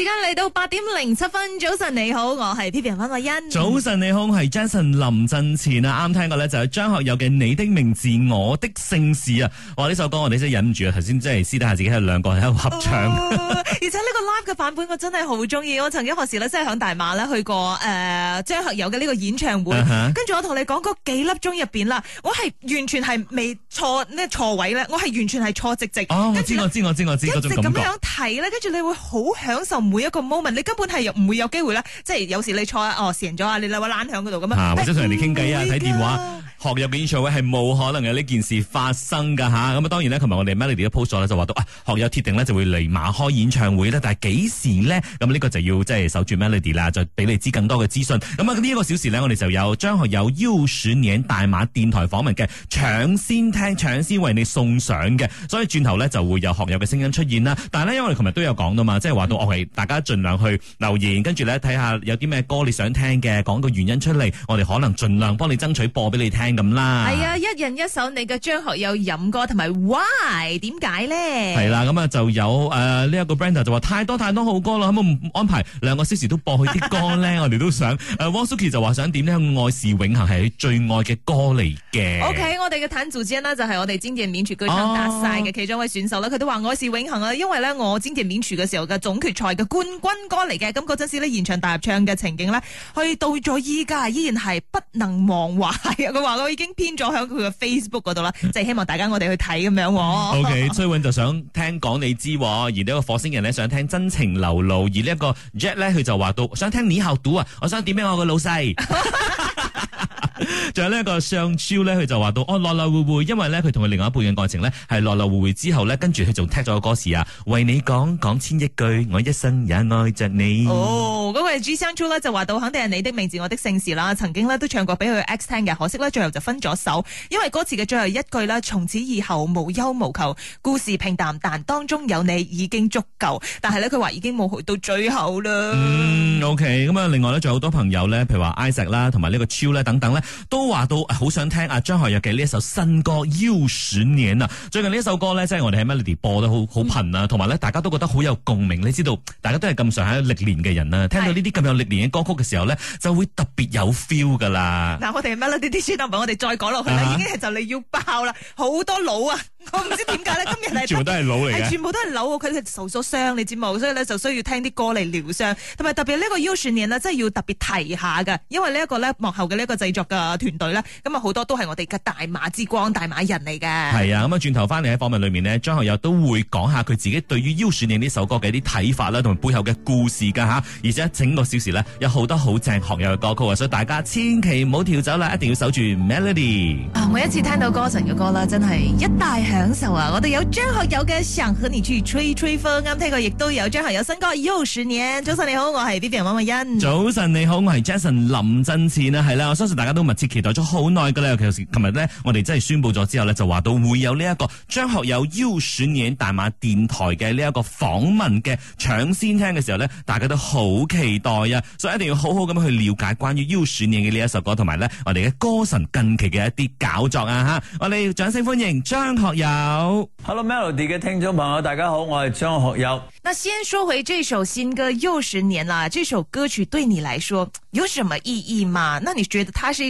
時間嚟到八點零七分，早晨你好，我係 P B 溫慧欣。早晨你好，我係 Jason 林振前啊！啱聽過咧，就係張學友嘅《你的名字我的姓氏》啊！哇，呢首歌我哋真係忍唔住啊！頭先真係私底下自己係兩個喺度合唱，uh, 而且呢個 live 嘅版本我真係好中意。 我曾經何時咧真係響大馬咧去過誒張、呃、學友嘅呢個演唱會，uh huh. 跟住我同你講嗰幾粒鐘入邊啦，我係完全係未錯咧錯位咧，我係完全係錯直直。哦，知我知我知我知，一直咁樣睇咧，跟住你會好享受。每一個 moment，你根本係唔會有機會啦。即係有時你坐哦成咗啊，你攬攬響嗰度咁啊。或者同人哋傾偈啊，睇電話。的學友嘅演唱會係冇可能有呢件事發生㗎嚇，咁啊當然呢，琴日我哋 Melody 都 post 就話到啊，學友鐵定呢就會嚟馬開演唱會咧，但係幾時呢？咁呢個就要即係守住 Melody 啦，就俾你知更多嘅資訊。咁啊呢個小時呢，我哋就有張學友邀選影大馬電台訪問嘅搶先聽、搶先為你送上嘅，所以轉頭呢就會有學友嘅聲音出現啦。但係呢，因為我哋琴日都有講到嘛，即係話到我係大家儘量去留言，跟住呢睇下有啲咩歌你想聽嘅，講個原因出嚟，我哋可能儘量幫你爭取播俾你聽。咁啦，係啊，一人一首你嘅張學友飲歌同埋 Why？點解咧？係啦、啊，咁、嗯、啊就有誒呢一個 Brander 就話太多太多好歌啦，咁啊安排兩個小時都播佢啲歌咧， 我哋都想誒、呃、，Wansuki 就話想點呢？愛是永恆，係佢最愛嘅歌嚟嘅。O.K. 我哋嘅坦助之一啦，就係我哋經典免除歌唱大賽嘅其中一位選手啦，佢、啊、都話愛是永恆啊，因為咧我經典免除嘅時候嘅總決賽嘅冠軍歌嚟嘅，咁嗰陣時呢，現場大合唱嘅情景呢，去到咗依家依然係不能忘懷啊！佢話。我已經編咗喺佢嘅 Facebook 嗰度啦，就係希望大家我哋去睇咁樣。O、okay, K，崔永就想聽講你知，而呢個火星人咧想聽真情流露，而呢一個 Jack 咧佢就話到想聽你後賭啊，我想點俾我個老細。 仲 有呢一個雙超咧，佢就話到哦來來回回，因為咧佢同佢另外一半嘅愛情呢，係來來回回之後呢，跟住佢仲踢咗個歌詞啊，為你講講千億句，我一生也愛着你。哦、oh,，嗰個 G 雙超呢，就話到，肯定係你的名字，我的姓氏啦。曾經呢都唱過俾佢 X 聽嘅，可惜呢最後就分咗手，因為歌詞嘅最後一句啦，「從此以後無憂無求，故事平淡，淡，但當中有你已經足夠。但係呢，佢話已經冇去到最後啦。嗯，OK，咁啊，另外咧仲有好多朋友呢，譬如話 Isaac 啦，同埋呢個超咧等等呢。都話到好想聽阿張學友嘅呢一首新歌《y、U 選年》啊！最近呢一首歌咧，即係我哋喺 Melody 播得好好頻啊，同埋咧大家都覺得好有共鳴。你知道，大家都係咁上下歷練嘅人啦，是聽到呢啲咁有歷練嘅歌曲嘅時候咧，就會特別有 feel 噶啦。嗱，我哋 Melody 啲書都唔好，我哋再講落去啦，已經係就嚟要爆啦，好多腦啊！我唔、啊啊、知點解咧， 今日係全部都係腦嚟，全部都係腦。佢哋受咗傷，你知冇？所以咧就需要聽啲歌嚟療傷。同埋特別呢個《U 選年》咧，真係要特別提下噶，因為呢一個咧幕後嘅呢一個製作噶。啊！團隊啦，咁啊好多都係我哋嘅大馬之光、大馬人嚟嘅。係啊，咁啊轉頭翻嚟喺訪問裏面呢，張學友都會講下佢自己對於《又十年》呢首歌嘅一啲睇法啦，同埋背後嘅故事噶嚇。而且整個小時呢，有好多好正學友嘅歌曲，啊，所以大家千祈唔好跳走啦，一定要守住 melody。啊，每一次聽到歌神嘅歌啦，真係一大享受啊！我哋有張學友嘅《想和你吹吹風》，啱聽過，亦都有張學友新歌《又十年》。早晨你好，我係 Vivian 馬欣。早晨你好，我係 Jason 林振市啊。係啦，我相信大家都，密切期待咗好耐噶啦，尤其是琴日呢，我哋真係宣布咗之後呢，就話到會有呢一個張學友邀選影大馬電台嘅呢一個訪問嘅搶先聽嘅時候呢，大家都好期待啊！所以一定要好好咁去了解關於邀選影嘅呢一首歌，同埋呢我哋嘅歌神近期嘅一啲搞作啊！吓，我哋掌聲歡迎張學友。Hello Melody 嘅聽眾朋友，大家好，我係張學友。那先說回這首新歌《又十年》啦，這首歌曲對你來說有什麼意義嘛？那你覺得它是？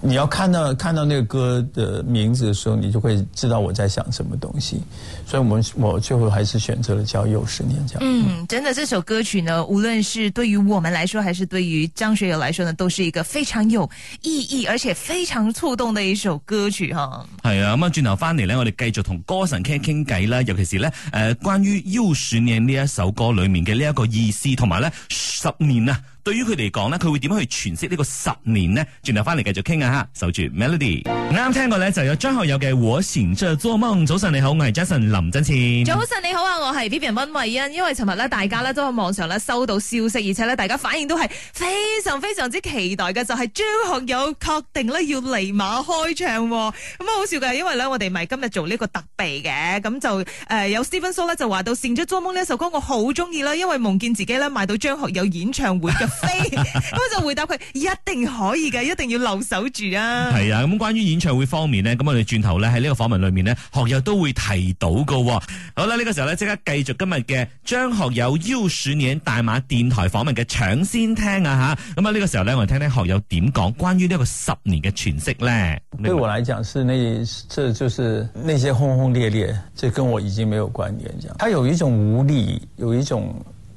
你要看到看到那個歌的名字的時候，你就會知道我在想什麼東西。所以我，我們我最後還是選擇了叫《又十年》這樣。嗯，真的，這首歌曲呢，無論是對於我們來說，還是對於張學友來說呢，都是一個非常有意義而且非常觸動的一首歌曲哈。係啊，咁啊，轉頭翻嚟呢，我哋繼續同歌神傾傾偈啦。尤其是呢，誒、呃，關於《又十年》呢一首歌裏面嘅呢一個意思，同埋呢十年啊。對於佢哋嚟講呢，佢會點樣去詮釋呢個十年呢？轉頭翻嚟繼續傾啊！吓，守住 Melody。啱聽過呢就有張學友嘅《我醒著做夢》。早晨你好，我係 Jason 林振前。早晨你好啊，我係 Vivian 溫慧欣。因為尋日咧，大家咧都喺網上咧收到消息，而且咧大家反應都係非常非常之期待嘅，就係、是、張學友確定咧要嚟馬開唱。咁好笑嘅，因為咧我哋咪今日做呢個特備嘅，咁就誒、呃、有 Steven So 呢就話到《醒著做夢》呢一首歌我好中意啦，因為夢見自己咧買到張學友演唱會嘅。 飛 我就回答佢，一定可以嘅，一定要留守住啊！係啊，咁關於演唱會方面呢，咁我哋轉頭咧喺呢個訪問裏面呢，學友都會提到噶。好啦，呢個時候咧，即刻繼續今日嘅張學友邀選年大馬電台訪問嘅搶先聽啊！吓，咁啊呢個時候咧，我哋聽聽學友點講關於呢個十年嘅詮釋咧。對我嚟講，是呢就就是那些轟轟烈烈，即係跟我已經沒有關聯。這樣，他有一種無力，有一種。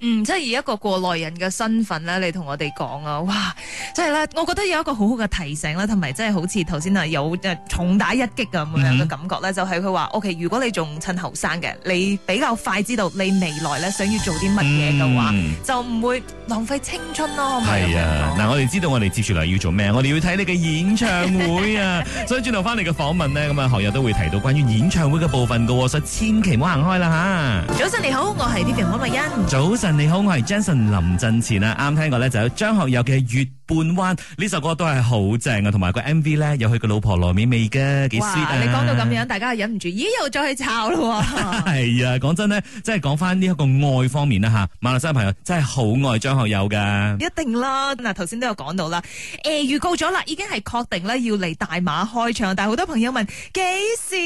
嗯，即係以一個過來人嘅身份咧，你同我哋講啊，哇，即係咧，我覺得有一個好好嘅提醒啦，同埋真係好似頭先啊，有重打一擊咁樣嘅感覺咧，嗯、就係佢話，OK，如果你仲趁後生嘅，你比較快知道你未來咧想要做啲乜嘢嘅話，嗯、就唔會浪費青春咯，係啊？嗱說，我哋知道我哋接住嚟要做咩，我哋要睇你嘅演唱會啊， 所以轉頭翻嚟嘅訪問呢，咁啊，學友都會提到關於演唱會嘅部分嘅，所以千祈唔好行開啦吓。早晨你好，我係 P P R 馬欣。早晨。你好，我係 Jason 林振前，啊，啱聽過咧，就張學友嘅月半彎呢首歌都係好正啊，同埋個 M V 咧，有佢個老婆羅美美嘅，幾 sweet、啊、你講到咁樣，大家忍唔住，咦？又再去炒啦！係 啊，講真呢，即係講翻呢一個愛方面啦吓，馬來西亞朋友真係好愛張學友噶，一定啦！嗱，頭先都有講到啦，誒，預告咗啦，已經係確定咧要嚟大馬開場，但係好多朋友問幾時？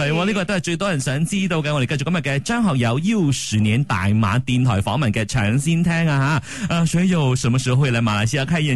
係、啊、呢、這個都係最多人想知道嘅。我哋繼續今日嘅張學友要十年大馬電台訪問嘅搶先聽啊！吓、啊、誒，學友什麼時候去嚟馬來西亞開、嗯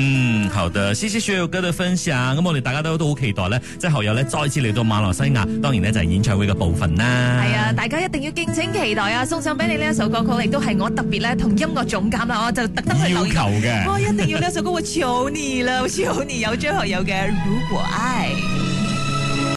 嗯，好的，謝謝學友哥嘅分享。咁我哋大家都都好期待咧，即係學友咧再次嚟到馬來西亞，當然咧就係演唱會嘅部分啦。係啊，大家一定要敬請期待啊！送上俾你呢一首歌曲，亦都係我特別咧同音樂總監啦，我就特登去要求嘅，我一定要呢一 首歌會求你啦，好似好，你有張學友嘅如果愛》。